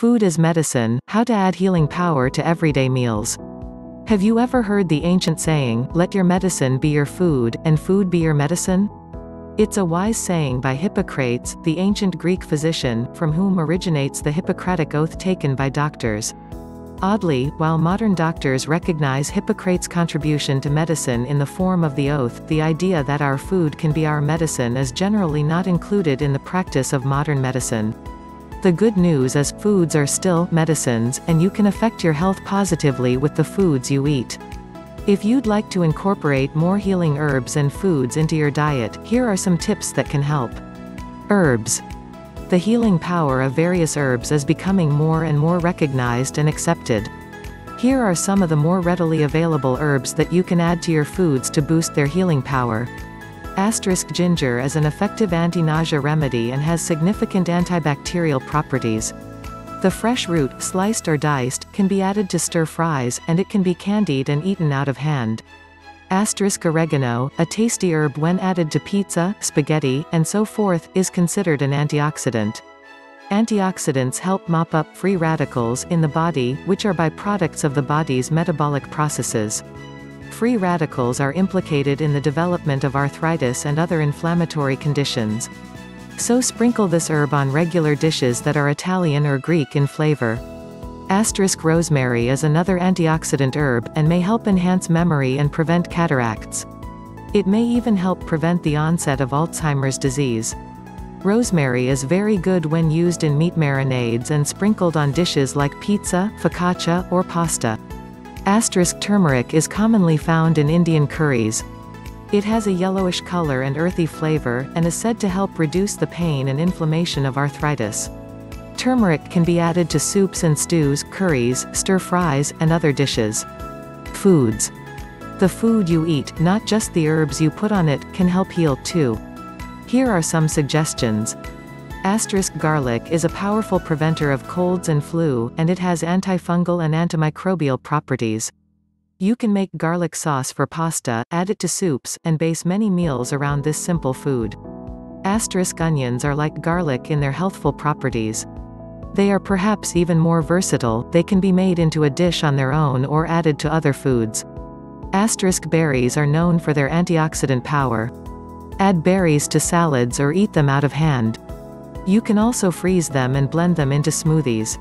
Food is Medicine How to Add Healing Power to Everyday Meals. Have you ever heard the ancient saying, let your medicine be your food, and food be your medicine? It's a wise saying by Hippocrates, the ancient Greek physician, from whom originates the Hippocratic oath taken by doctors. Oddly, while modern doctors recognize Hippocrates' contribution to medicine in the form of the oath, the idea that our food can be our medicine is generally not included in the practice of modern medicine. The good news is foods are still medicines, and you can affect your health positively with the foods you eat. If you'd like to incorporate more healing herbs and foods into your diet, here are some tips that can help. Herbs. The healing power of various herbs is becoming more and more recognized and accepted. Here are some of the more readily available herbs that you can add to your foods to boost their healing power. Asterisk ginger is an effective anti-nausea remedy and has significant antibacterial properties. The fresh root, sliced or diced, can be added to stir fries, and it can be candied and eaten out of hand. Asterisk oregano, a tasty herb when added to pizza, spaghetti, and so forth, is considered an antioxidant. Antioxidants help mop up free radicals in the body, which are byproducts of the body's metabolic processes. Free radicals are implicated in the development of arthritis and other inflammatory conditions. So sprinkle this herb on regular dishes that are Italian or Greek in flavor. Asterisk rosemary is another antioxidant herb, and may help enhance memory and prevent cataracts. It may even help prevent the onset of Alzheimer's disease. Rosemary is very good when used in meat marinades and sprinkled on dishes like pizza, focaccia, or pasta. Asterisk turmeric is commonly found in Indian curries. It has a yellowish color and earthy flavor, and is said to help reduce the pain and inflammation of arthritis. Turmeric can be added to soups and stews, curries, stir-fries, and other dishes. Foods. The food you eat, not just the herbs you put on it, can help heal too. Here are some suggestions. Asterisk garlic is a powerful preventer of colds and flu, and it has antifungal and antimicrobial properties. You can make garlic sauce for pasta, add it to soups, and base many meals around this simple food. Asterisk onions are like garlic in their healthful properties. They are perhaps even more versatile, they can be made into a dish on their own or added to other foods. Asterisk berries are known for their antioxidant power. Add berries to salads or eat them out of hand. You can also freeze them and blend them into smoothies.